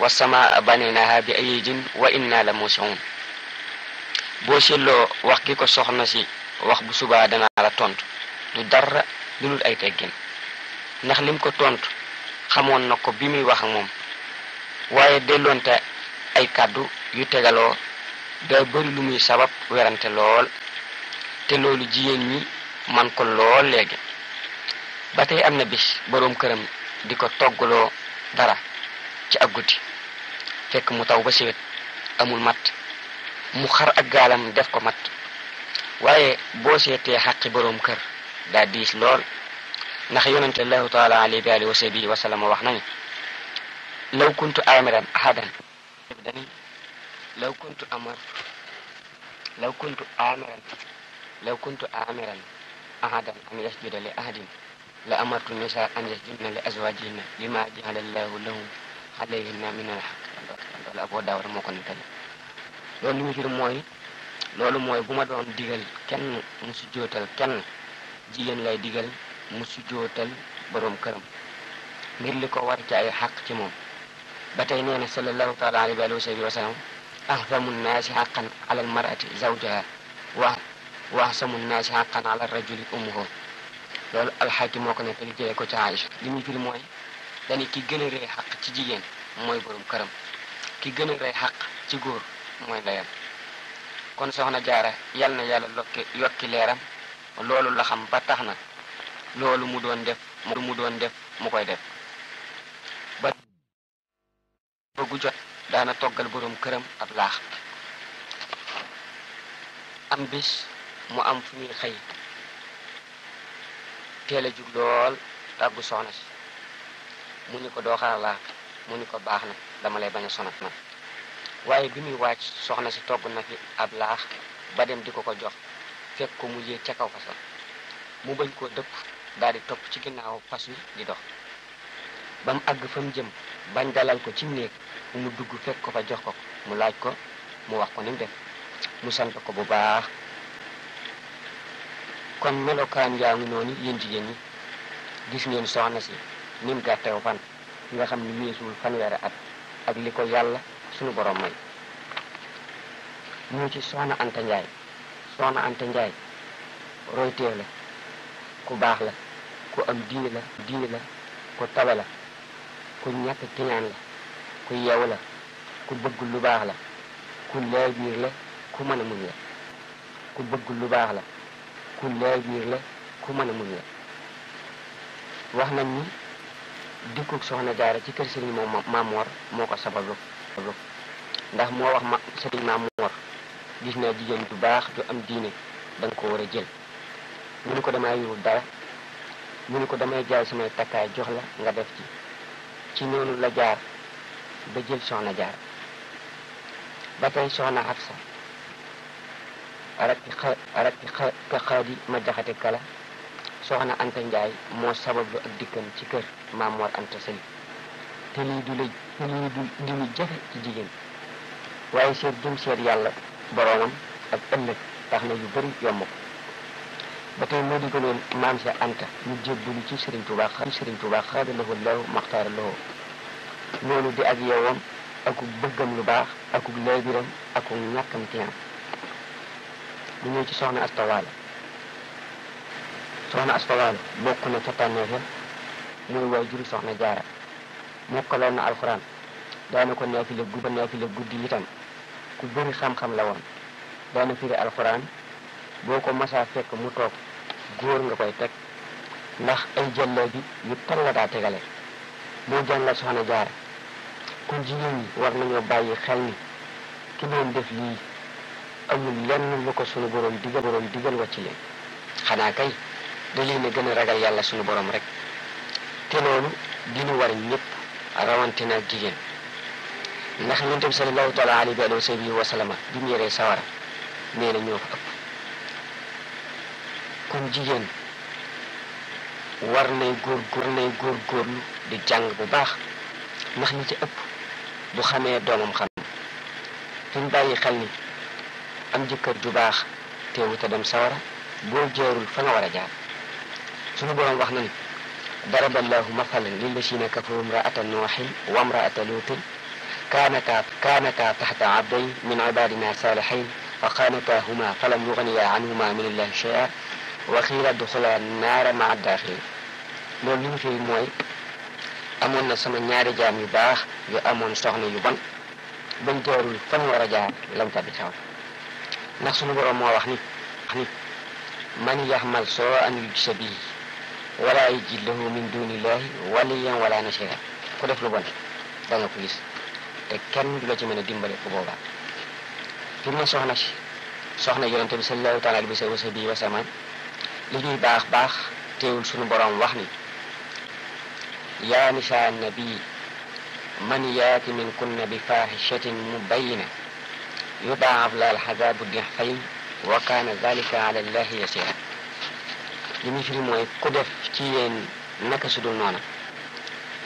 wa samaa banaynaha bi aydin wa inna la musiun boo seetloo wax gi ko soxna si wax bu subaa danaa la tontu du dara lu dul ay teggin ndax lim ko tontu xamoon na ko bi muy wax ak moom waaye delloonte ay kàddu yu tegaloo da bëri lu muy sabab werante lool te loolu jigéen ñi man ko lool léegi ba tey am na bis boroom këram di ko toggaloo dara ci ak guddi fekk mu taw ba siwet amul matt mu xar ak gaalam def ko matt waaye boo seetee xaqi boroom kër daa diis lool ndax yonente allahu taala alayhi bi alihi wa sahbihi wa sallam wax nañu law kuntu amiran ahadan law kuntu amar law kuntu amiran law kuntu amiran ahadan an yasjuda li ahadin la amartu nisa an yasjudna li azwajihinna lima jaala allahu lahum alayhinna min alhaq loolu aboo daawar moo ko nettali loolu li mu firi mooy loolu mooy bu ma doon digal kenn mu sujjootal kenn jigéen lay digal mu sujjootal boroom këram ngir li ko war ci ay xaq ci moom ba tey nee na sallallahu taala أعظم الناس حقا على المرأة زوجها وأحسم الناس حقا على الرجل أمه loolu alxaakim moo ko nettali jëlee ko ci Aïcha li muy mooy dañu ki gën a rëy xaq ci jigéen mooy borom këram ki gën a rëy xaq ci góor mooy ndeyam kon soxna jaara yal na yàlla lokki yokki leeram loolu laxam xam ba tax na loolu mu doon def mu doon def mu koy def ba gu daana toggal boroom këram ab laax am bis mu am fu muy xëy teel a lool tàggu soxna si mu ni ko doo xaar mu ni ko baax na dama lay bañ a sonat nag waaye bi muy wàcc soxna si togg na fi ab laax ba dem di ko ko jox fekk ko mu yéeg ca kaw fasal mu bañ koo dëpp daal di topp ci ginnaaw fas wi di dox ba mu àgg fa mu jëm bañ dalal ko ci néeg mu dugg fekk ko fa jox ko mu laaj ko mu wax ko ni def mu sant ko bu baax kon melokaan yaa ngi noonu yéen jigéen ñi gis ngeen soxna si ni mu gàttew fan nga xam ni weesuwul fanweeri at ak li ko yàlla sunu borom may ñu ci soxna Anta Njaay soxna Anta Njaay roytee la ku baax la ku am diine la diine la ku tabe la ku ñàkk kiñaan la ku yeew la ku bëgg lu baax la ku laa la ku mën a muñ la ku bëgg lu baax la ku laa la ku mën a muñ la wax nañ ni dikkug soxna jaara ci kër sëriñ moom Maamoor moo ko sababu ndax moo wax ma sëriñ Maamoor gis naa jigéen ju baax ju am diine da ko war a jël mu ni ko damay yorul dara mu ni ko damay jaay samay takkaay jox la nga def ci ci loolu la jaar ba jël soxna jaar ba tey soxna Afsa arak arakki ka xaadi ma jaxate kala soxna Anta Njaay moo sabablu ak dikkam ci kër Maam Anta Sali te lii du la te lii du li mu jafe ci jigéen waaye seet jëm seet yàlla boroomam ak ëllëg tax na yu bëri yomb ko ba tey moo digaloon maam Cheikh Anta ñu jébbalu ci Serigne Touba ci Serigne Touba xaadalahu law maxtaara lahu loolu di ak yowam aku bëggam lu baax aku ak aku ñàkkam tiyam mu ñëw ci soxna astawaalo soxna astawaalo bokk na ca tànneefe mooy waajuru soxna jaara mokkaloon na alxuraan daana ko naafile guddi naafile guddi itam ku bëri xam-xam la woon daana firi alxuraan boo ko masaa fekk mu toog góor nga koy teg ndax ay jëlloo bi yu tan la daa tegale boo jàngal soxna jaara kon jigéen ñi war nañoo bàyyi xel ni ki doon def lii amul lenn lu ko sunu borom digal borom digal wàcc leen xanaa kay da leen a gën a ragal yàlla sunu borom rek te loolu dina war ñépp rawante na jigéen ndax yonent bi sallallahu taala alayhi wa sallam bi mu yoree sawara nee na ñoo fa kon jigéen war nay góor góor nay góor góorlu di jàng bu baax ndax ñi ci ëpp bu xamee doomam xam suñ bàyyi xel ni am jëkkër ju baax te wuta dem sawara boo jeerul fa nga war a jaar suñu borom wax na ni ضرب الله مثلا للذين كفروا امرأة نوح وامرأة لوط كانتا كانتا تحت عبدين من عبادنا صالحين فخانتاهما فلم يغنيا عنهما من الله شيئا waxiila duxula naara ma daaxili loolu li ñu firi mooy amoon na sama ñaari jaam yu baax yu amoon soxna yu bon bañ teerul fan war a jaar lañ fa di xew ndax suñu borom moo wax ni wax ni man yaxmal soo an yujsa bii wala yajid lahu min dunillahi waliyan wala nasira ku def lu bon da nga ko gis te kenn du la ci mën a dimbale ku boobaa fi mu ne soxna si soxna yonente bi sallallahu taala alayhi wa sallam li ñuy baax baax teewul sunu borom wax ni yaa nisaa nabi man yaati min kunna bi faahishatin mubayina yudaaf la alxazaabu dixfayn wa kaana dalika ala allahi yasira li muy firi mooy ku def ci yéen naka sudul noona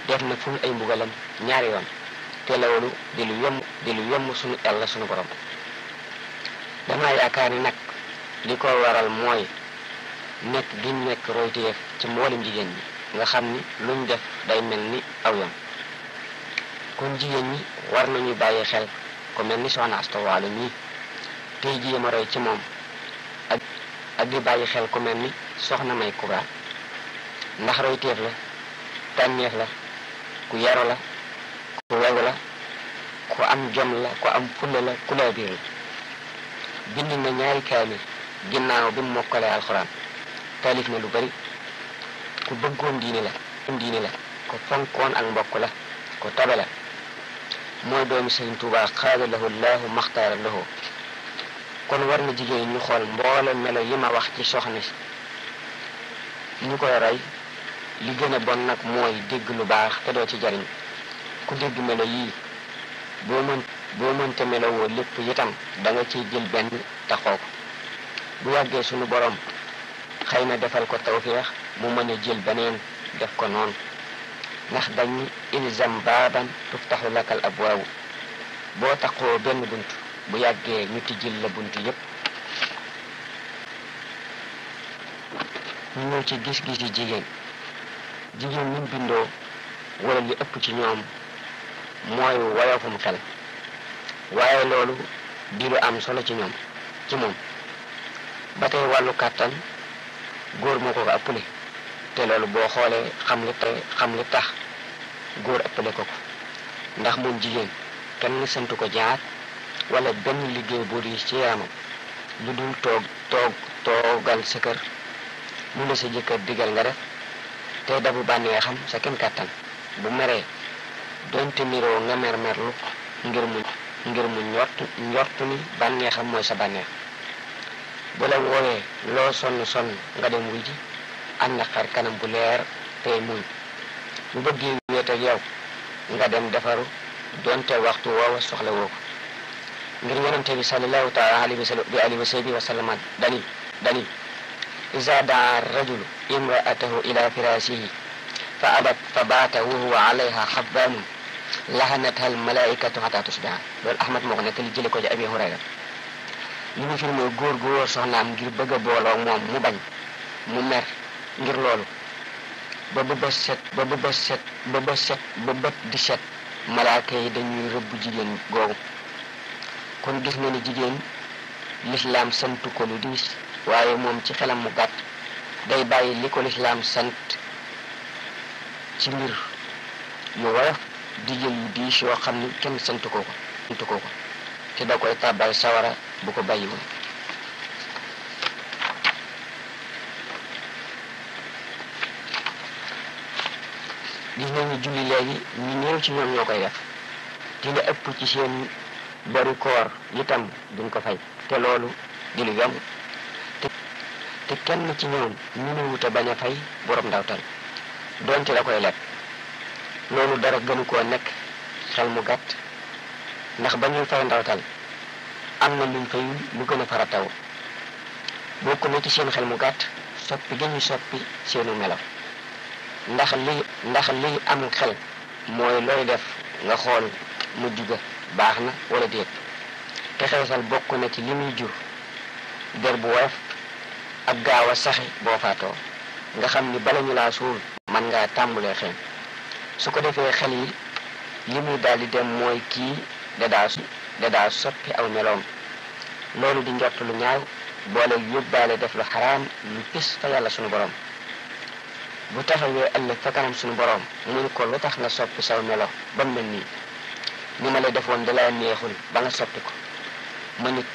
def na ful ay mbugalam ñaari yoon te loolu di lu yomb di lu yomb sunu yàlla sunu borom dama yaakaar ni nag li ko waral mooy nekk gi nekk royteef ci mboolem jigéen ñi nga xam ni lu mu def day mel ni aw kon jigéen ñi war nañu bàyyi xel ku mel ni soxna Asta ci moom ak ak di bàyyi xel ku mel ni May Kubra ndax royteef la tànneef la ku yaru la ku wegu la ku am jom la ku am fulla la ku la bind na ñaari kaamil ginnaaw bi mu mokkalee alxuraan taalif na lu bari ku bëggoon diini la diini la ko fonkoon ak mbokk la ko tabe mooy doomi Sëriñ tubaa xaada lahu laahu maxtaara lahu kon war na jigéen ñu xool mboole melo yi ma wax ci soxna si ñu koy roy li gën bon nag mooy dégg lu baax te doo ci jariñ ku dégg melo yii boo mën boo mënte lépp itam danga nga ciy jël benn taxoo ko bu yàggee sunu borom xay na defal ko tawféex mu mën a jël beneen def ko noonu ndax dañu ilzam baaban tuftaxu lakal abwaabu boo taxoo benn bunt bu yàggee ñu tijjil la bunt yépp ñu ci gis-gisi jigéen jigéen ñi bindoo wala li ëpp ci ñoom mooy woyofum xel waaye loolu di lu am solo ci ñoom ci moom ba tey wàllu kàttan góor moo ko ko ëppale te loolu boo xoolee xam li tey xam li tax góor ëppale ko ko ndax moom jigéen kenn sant ko jaar walla benn liggéey bu riis ci yaramam lu dul toog toog toogal sa kër lu la sa jëkkër digal nga def te dabu bànnee xam sa kem kàttan bu meree doonte niroo nga mer merlu ngir mu ngir mu njort njort ni bànnee xam mooy sa bànneex bu la loo sonn son nga dem wuy ji ànd na kanam bu leer tey muñ bu bëggee wéet nga dem defaru donte waxtu woowa soxla woo ko ngir yonente bi sallallahu taala alayhi wa sallam bi alihi wa sahbihi wa sallama dani dani iza daa rajulu imraatahu ila firasihi fa abat fa baata wa huwa alayha xabbaamun lahanatha al malaikatu xata tusbiha loolu ahmad moo ko nekk li ko ci abi hurayra li mu firmee góor gu wóor soxnaam ngir bëgg a booloo moom mu bañ mu mer ngir loolu ba ba set ba set ba di set malaaka yi dañuy rëbb jigéen googu kon gis na ni jigéen lislaam santu ko lu diis waaye moom ci xelam mu gàtt day bàyyi li ko lislaam sant ci mbir yu woyof di jël yu diis yoo xam ni kenn santu ko ko ko ko te da koy tàbbal sawara bu ko bàyyiwul gis nañu julli léegi ñu néew ci ñoom ñoo koy def dina ëpp ci seen bari itam duñ ko fay te loolu di lu yomb te te kenn ci ñoom ñu ne wute bañ a fay borom ndawtal donte da koy lekk loolu dara gënu koo nekk xel mu gàtt ndax ba ñuy fay ndawtal am na luñ fay lu gën a taw bokk na ci seen xel mu gàtt soppi gi ñu soppi seenu melaw ndax ndax liy am xel mooy looy def nga xool mujj ga baax na wala déet te xeesal bokk na ci li ju jur der bu woyof ak gaaw a saxi boo nga xam ni bala ñu laa suul man ngaa tàmbulee xeeñ su ko defee xel yi li muy daal di dem mooy kii da da daa soppi aw meloom loolu di njort lu ñaaw boole yóbbaale def lu xaraam lu pis fa yàlla sunu borom bu taxawee ëllëg fa kanam sunu borom mun ko lu tax nga soppi saw melo ba mel nii ni ma la defoon da laa neexul ba nga soppi ko ma nit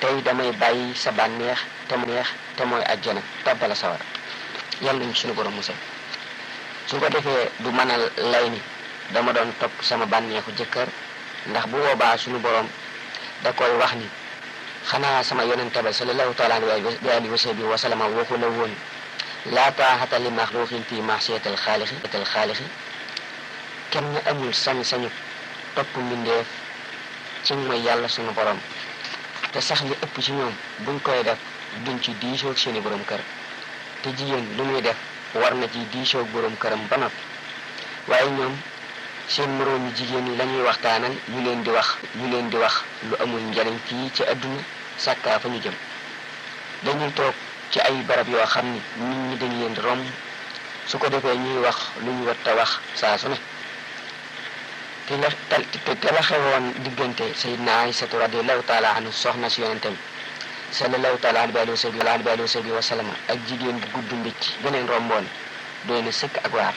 tey damay bàyyi sa bànneex te mu neex te mooy àjjana sawar yàlla ñu sunu borom musal su ko defee du mën lay ni dama doon topp sama bànneexu jëkkër ndax bu boobaa suñu borom da koy wax ni xanaa sama yonente ba salallahu taala alayhi wa alihi wa sahbihi wa sallam waxu la woon laa taaxata li maxluqin fi maxsiyat al xaalixi al xaalixi kenn amul sañ-sañu topp mbindeef ci mooy yàlla suñu borom te sax li ëpp ci ñoom buñ koy def duñ ci diisoog seeni borom kër te jigéen lu muy def war na ci diisoog borom këram ba noppi waaye ñoom seen moroomi jigéen ñi la ñuy waxtaanal ñu leen di wax ñu leen di wax lu amul njariñ fii ci àdduna sàkkaa fa ñu jëm dañuy toog ci ay barab yoo xam ni nit ñi dañ leen romb su ko defee ñuy wax lu ñu war a wax saa su ne te la te la xewoon diggante Seydina Aysatu radiyallahu taala anhu soxna si yonentam sallallahu taala alayhi wa sallam wa sallam ak jigéen bu gudd mbicc beneen romboon doy na sëkk ak waar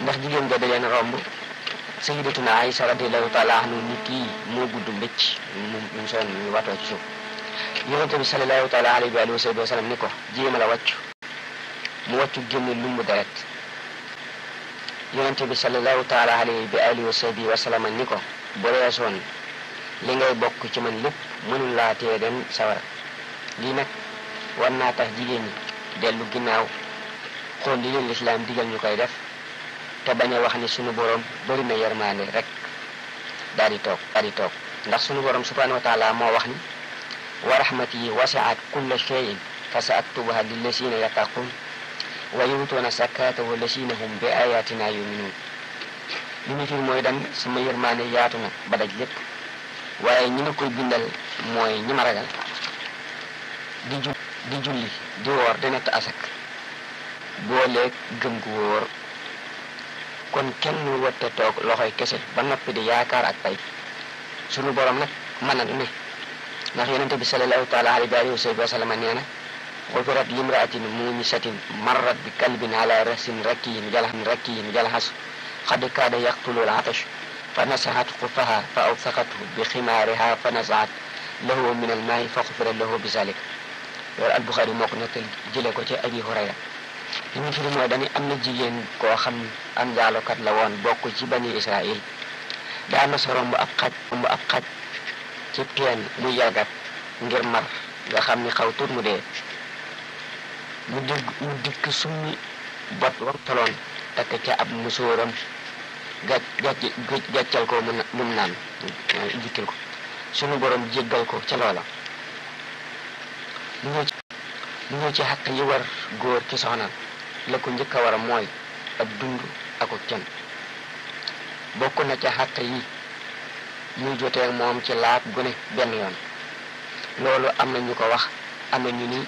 ndax jigéen nga da leen romb sayyidatuna Aïcha radiyallahu taala anhu ni kii moo gudd mbëcc mu mu soon ñu watoo ci suuf yonente bi sallallahu taala alayhi wa ko jéema la wàccu mu wàccu génne lumb deret yonente bi sallallahu taala alayhi wa alihi wa sahbi wa sallam ni ko bu reesoon li ngay bokk ci man lépp mënul laa dem sawara lii nag war naa tax jigéen ñi dellu ginnaaw xool li leen lislaam digal ñu koy def te bañ a wax ni sunu borom bëri na yermane rek daal di toog daal di toog ndax sunu borom subhanahu wa taala moo wax ni wa rahmati wasiat kulla cheyin fa sa aktubuha lillazina yattaqun wa yutuuna sakata wallazina hum bi ayatina yuminun li ñu fir mooy dan sama yermane yaatu na ba daj lépp waaye ñi ma koy bindal mooy ñi ma ragal di julli di woor di natt asak booleeg gëm gu wóor kon kenn wërta toog loxoy kese ba noppi di yaakaar ak pay sunu borom nag mën a ne ndax yonente bi salallahu taala alayhi wa sahbihi wa sallama nee na غفرت لامرأة مونسة مرت بكلب على رأس ركي جلح ركي جلحس قد كاد يقتل العطش فنسحت خفها فأوثقته بخمارها فنزعت له من الماء فغفر له بذلك البخاري موقنة جلقة أبي هريرة li ñu firi mooy dañu am na jigéen koo xam am njaalokat la woon bokk ci bani Israil daa mas a romb ab xaj ci teen mu yàggat ngir mar nga xam ni xaw tur mu dee mu dikk summi bot wam takk ca ab musóoram gàc gàccal ko mun naan jikkil ko sunu borom jéggal ko ca loola mu ñëw ci xaq yi war góor ci soxna la ko njëkk a war a mooy ab dund ak cant bokk na ca xàq yi muy jotee moom ci laat laab ne benn yoon loolu am na ñu ko wax am na ñu ni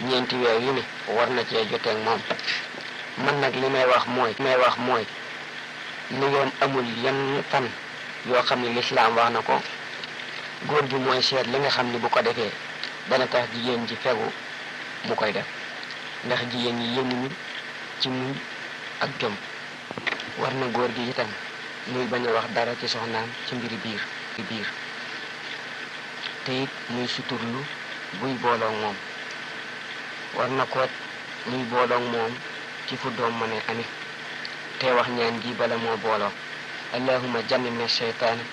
ñeenti weer yu ne war na cee jotee moom mën nag li may wax mooy may wax mooy ni yoon amul yenn fan yoo xam ne lislaam wax na ko góor gi mooy seet li nga xam ni bu ko defee dana tax jigéen ji fegu mu koy def ndax jigéen ñi yëmuñu ci muñ ak jom war na góor gi itam muy bañ wax dara ci soxnaam ci mbiri biir biir te it muy suturlu buy booloog moom war na ko muy booloog moom ci fu doom ma ne ame te wax ñaan ji bala moo booloo allahuma jannibna seytaane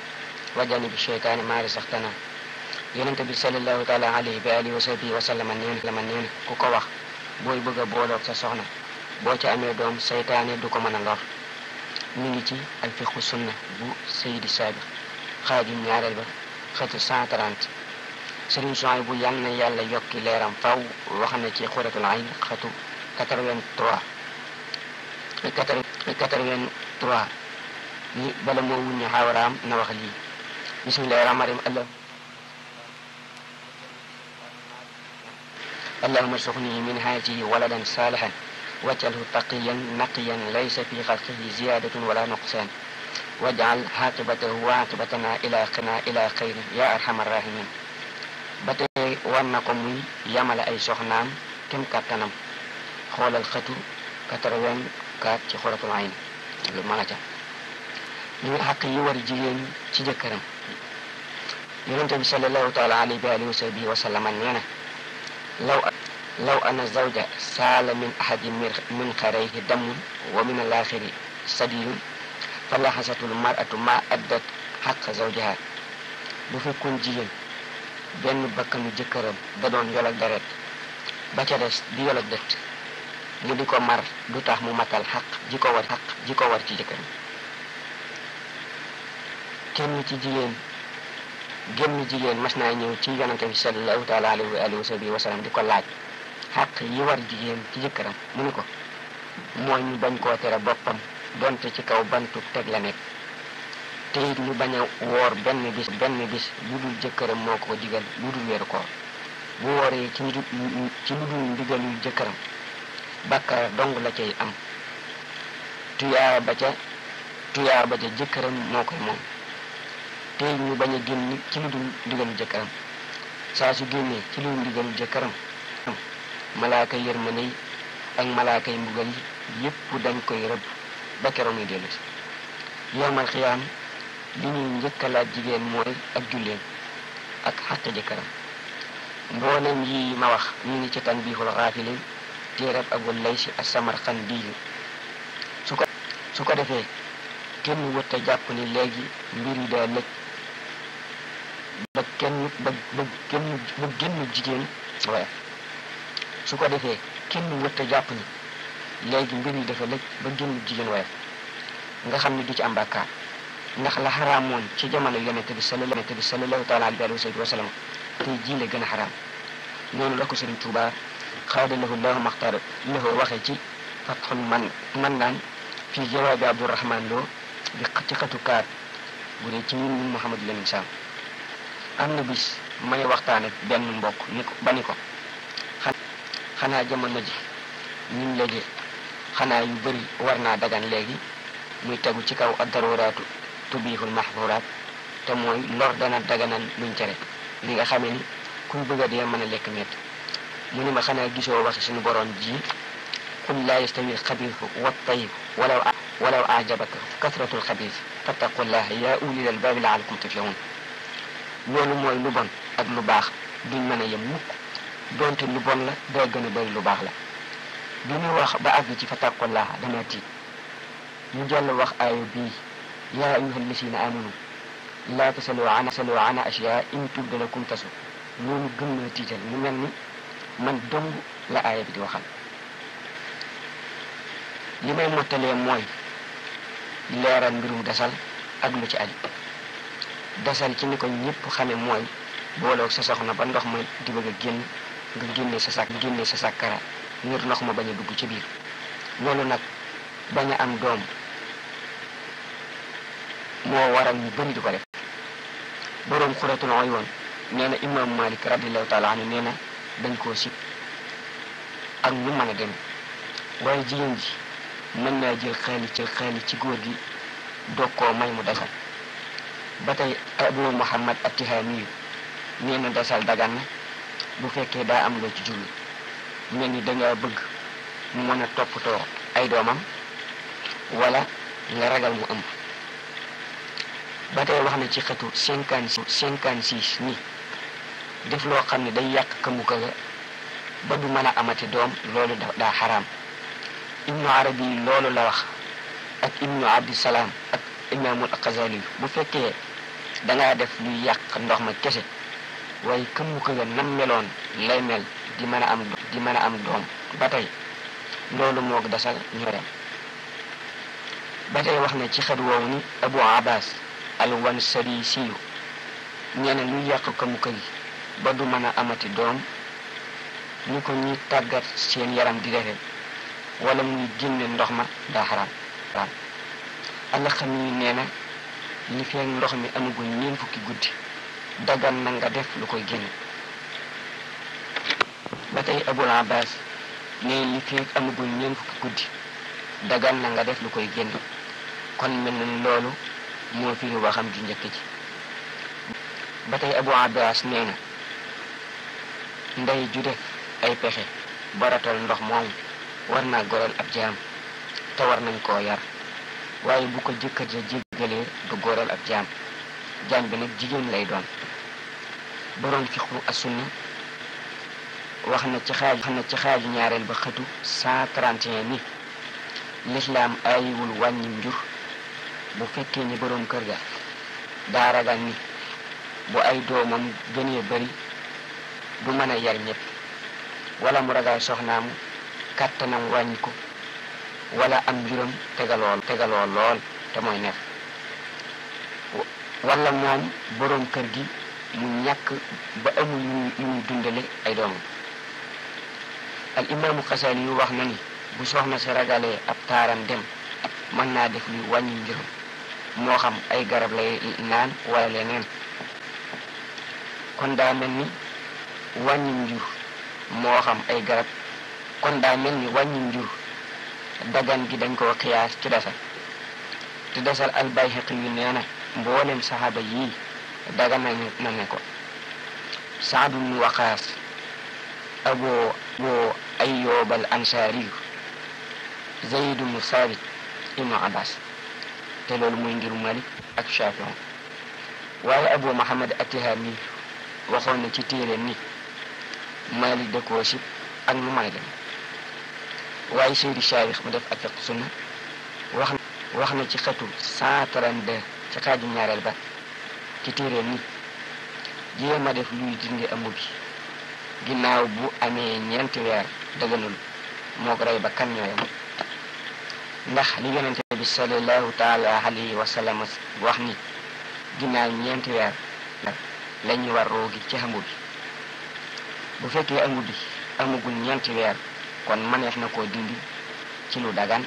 wa jannibi seytaane maa razaqtana yonente bi sallallahu taala alayhi wa alihi wa sahbihi wa sallama nee na ku ko wax booy bëgg a booloog sa soxna boo ca amee doom seytaane du ko mën a lor mi ngi ci alfiqu sunna bu Seydi Saabi xaaju ñaareel ba xëtu 130 sëriñ Soy bu yàlla na yàlla yokki leeram faw wax na ci xuratul ayn xëtu 83 83 ni bala moo wuññi xawraam na wax lii bismillahi rahmaani rahim allah اللهم ارزقني من هذه ولدا صالحا واجعله تقيا نقيا ليس في خلقه زيادة ولا نقصان واجعل عاقبته وعاقبتنا إلى قنا إلى خير يا أرحم الراحمين بتي وانا قومي يمل أي سخنام كم كاتنام خول الخطو كتروين كات خولة العين الملجة من حق يوري جيين تجكرم يرنتم صلى الله تعالى عليه وسلم لو law ana zawja saala min ahadi min xarayhi damun wa min alaaxiri sadiyun fa laxasatul maratu ma addat xaq zawjiha bu fekkoon jigéen benn bakkanu jëkkëram da doon yol ak deret ba ca di yol ak dët di ko mar du tax mu matal xaq ji ko war xaq ji ko war ci jëkkëram kenn ci jigéen génn jigéen mas naa ñëw ci yonante bi sallallahu taala alayhi wa alihi wa di ko laaj xàq yi war jigéen ci jëkkëram mu ni ko mooy ñu bañ koo tere boppam donte ci kaw bantu teg la nekk te it ñu bañ a woor benn bis benn bis lu dul jëkkëram moo ko digal lu dul weeru koor bu wooree ci lu dul ndigalul jëkkëram bàkkaar dong la cay am tuyaa ba ca tuyaa ba ca jëkkëram moo koy moom te ñu bañ a génn ci lu dul ndigalul jëkkëram saa su génnee ci lu dul jëkkëram malaaka yërmande yi ak malaaka yi mbugal yi yépp dañ koy rëbb ba keroog muy dellu si xiyaam li ñuy njëkkalaat jigéen mooy ak julleem ak xàq jëkkëram mboolem yi ma wax ñu ngi ci tanbiihul xaafiliin téerab abul laysi as-samarqandi ko defee kenn wëtta jàpp ni léegi mbir yi daa lëj ba kenn ba ba kenn jigéen waaye su ko defee kenn wëtt jàpp ni léegi mbir yi dafa lëj ba génn jigéen woyof nga xam ni du ci am bàkkaar ndax la xaraamoon ci jamono yonente bi sallallahu bi sallallahu taala alayhi wa sallam tey jii la gën a xaraam noonu la ko Sëriñ Tuubaa xaada lahu llahu maxtaar lahu waxee ci fatxul man man naan fii jawaabi Abdourahman Lo bi ci xatu kaar bu dee ci ñun Mouhamadou Lamine Sam am na bis may waxtaan ak benn mbokk ni ko ba ni ko xanaa jamono ji ñun léegi xanaa yu bëri war dagan léegi muy tegu ci kaw addaruraatu tubihul mahdurat te mooy lor dana daganan luñ cere li nga xamee ni kuy bëgg a dee mën a lekk mett mu ni ma xanaa gisoo waxi suñu borom ji qul laa yastawi alxabiisu wattayib walaw walaw ajabaka kasratul xabis fattaqullaha yaa ulil albaabi laallakum tuflihun loolu mooy lu bon ak lu baax duñ mën yem mukk donte lu bon la day gën a bari lu baax la bi muy wax ba àgg ci fattaqullaah dama tiit ñu jàll wax aaya bii yaa ayyuhal lasiina aamanu laa tasalu an tasalu an ashyaa in tubda lakum tasu loolu gën naa tiital mu mel ni man dong la aaya bi di waxal li may mottalee mooy leeral mbirum dasal ak lu ci aju dasal ci ni ko ñëpp xame mooy booloog sa soxna ba ndox ma di bëgg a génn nga sa sa génne sa sàkkara ngir ndox ma bañ a dugg ci biir loolu nag bañ am doom moo waral ñu bëri di ko def boroom xuratul uyuun nee na imam malik radiallahu taala anhu nee na dañ koo sib ak ñu mën dem waaye jigéen ji mën naa jël xaalis ci xaalis ci góor gi dog koo may mu dasal ba tey abu muhammad attihaamiyu nee na dasal dagan na bu fekkee daa am loo ci jublu mel ni dangaa bëgg mu mën a toppatoo ay doomam wala nga ragal mu ëmb ba tey wax na ci xetu cinquante cinquante six ni def loo xam ne day yàq këmuka la ba du mën a amati doom loolu daa xaraam ibnu arabi loolu la wax ak ibnu abdisalaam ak imaamul xazali bu fekkee dangaa def luy yàq ndox ma kese way kam mu ko wen nam meloon lay mel di mën a am di mën a am doom ba tey loolu moog dasal ñorem ba tey wax na ci xet woowu ni abu abbas alwan sari siyu nee na luy yàq ko mu ba du mën a amati doom ni ko ñuy tàggat seen yaram di defee wala muy génne ndox ma daa xaraam alaxam yi nee na li feeg ndox mi amaguñ ñeent fukki guddi dagan na nga def lu koy génn ba tey na nga def lu koy génn kon mel na ni loolu moo firi waxam ju njëkk ji ba abu abbas nee na ju def ay pexe baratal ndox moomu war naa goreel ab jaam te nañ koo yar waaye bu ko jëkkër ja jéggalee du góoral ab jaam jaam bi nag jigéen lay doon boroom fiqhu asunna wax na ci xaaj wax na ci xaaju ñaareel ba xëtu 131 ni lislaam ayiwul wàññim njur bu fekkee ni boroom kër ga daa ni bu ay doomam gënee bari du mën a yar ñépp wala mu ragal soxnaamu kàttanam wàññi ko wala am njuram tegaloo tegaloo lool te mooy neef wala moom boroom kër gi mu ñàkk ba amul yu ñuy dundale ay doomam al imaamu Xasali yu wax na ni bu soxna si ragalee ab taaram dem mën naa def lu wàññi moo xam ay garab lay naan wala leneen kon daa ni wàññi njur moo xam ay garab kon daa mel ni wàññi njur dagan gi dañ koo xiyaas ci desal te desal al Bayhaqi yu nee na mboolem saxaaba yii daganal nañu ko Saad bnu Waqaas Abu Ayyub al Ansaari Zayd bnu Saabit ibnu Abbas te loolu mooy ngir Malik ak Shaafi'i waaye Abu Muhammad Atihaami waxoon na ci téere ni Malik da koo sib ak nu may dem waaye Seydi Shaarix mu def ak fiqh sunna wax na ci xetu 132 ci xaaju ñaareel ba ci tuuram yi jéem a def luy dindi ëmb bi ginnaaw bu amee ñeenti weer dëgganul moo ko rey ba kan ñooyam ndax li yonente bi sallallahu taala alayhi wax ni ginnaaw ñeenti weer la war roogi ci ëmb bi bu fekkee ëmb bi amagul ñeenti weer kon mëneef na ko dindi ci lu dagan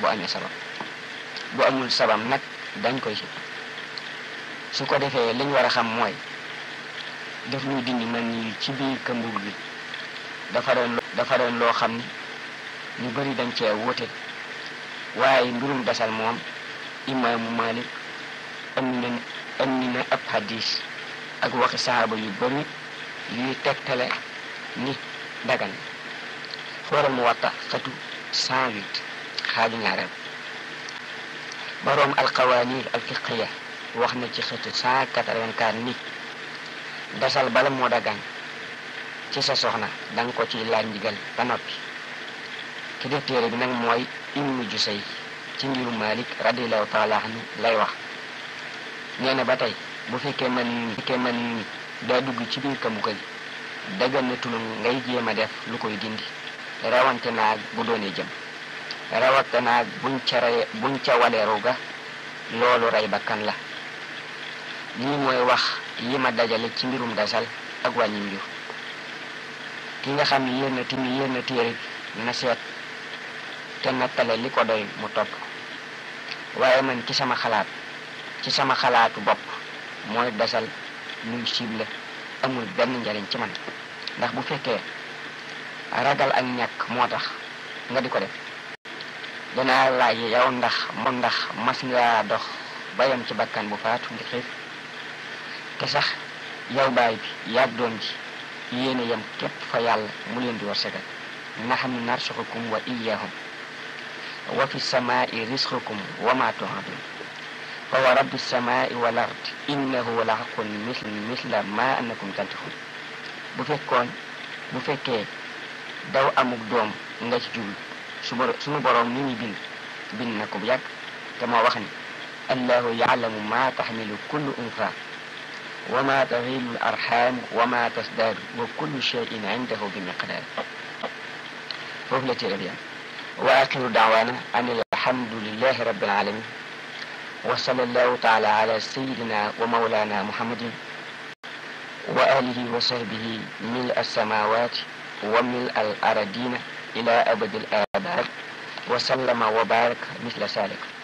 bu amee sabab bu amul sabab nag dañ koy si su ko defee liñ war a xam mooy def ñuy dindi mel ni ci biir këmbug bi dafa doon loo xam ni ñu bari dañ cee wute waaye mbirum desal moom imaamu Malik andi na andi ab hadis ak waxi saaba yu bëri yuy tegtale ni dagan xoolal mu watta xetu 108 xaaju ñaareel boroom alqawaanir alfiqiya wax na ci xëcc 184 nit dasal bala moo dagan ci sa soxna dang ko ci laaj ndigal ba noppi ki def téere bi nag mooy ibnu jusay ci ngiru malik radiallahu taala anhu lay wax nee na ba tey bu fekkee man fekkee man daa dugg ci biir kamuka gi dagal na tulum ngay jéem a def lu koy dindi rawante naag bu doone jëm rawante naag buñ ca buñ ca waleeru ga loolu ray bakkan la ni moy ya, wax yi iya ma dajale ci mbirum dasal ak wañi mbir iya, ki nga iya, xam yéen timi yéen a na set te nattale li ko doy mu top waye man ci sama xalaat ci sama xalaatu bop moy dasal luy cible amul ben njariñ ci man ndax bu fekke ragal ak ñak motax nga diko def dana ya, laaj ya, yow ndax mo ndax mas nga dox bayam ci bakkan bu faatu ngi xef te sax yow baay bi yaag doom ji yéen a yem képp fa yàlla mu leen di warsagal nahnu narsuqukum wa iyahum wa fi samaa'i risqukum wa ma tu'adun fa wa rabbi samaa'i wal ard innahu la haqqun misl misla ma annakum tantixun bu fekkoon bu fekkee daw amuk doom nga ci jublu suñu boroom ni ñu bind bind na ko bu yàgg te moo wax ni allahu yaalamu ma taxmilu kullu unfa وما تغيب الأرحام وما تزداد وكل شيء عنده بمقدار فهمتي أبيان وآخر دعوانا أن الحمد لله رب العالمين وصلى الله تعالى على سيدنا ومولانا محمد وآله وصحبه ملء السماوات وملء الأرضين إلى أبد الآباد وسلم وبارك مثل سالك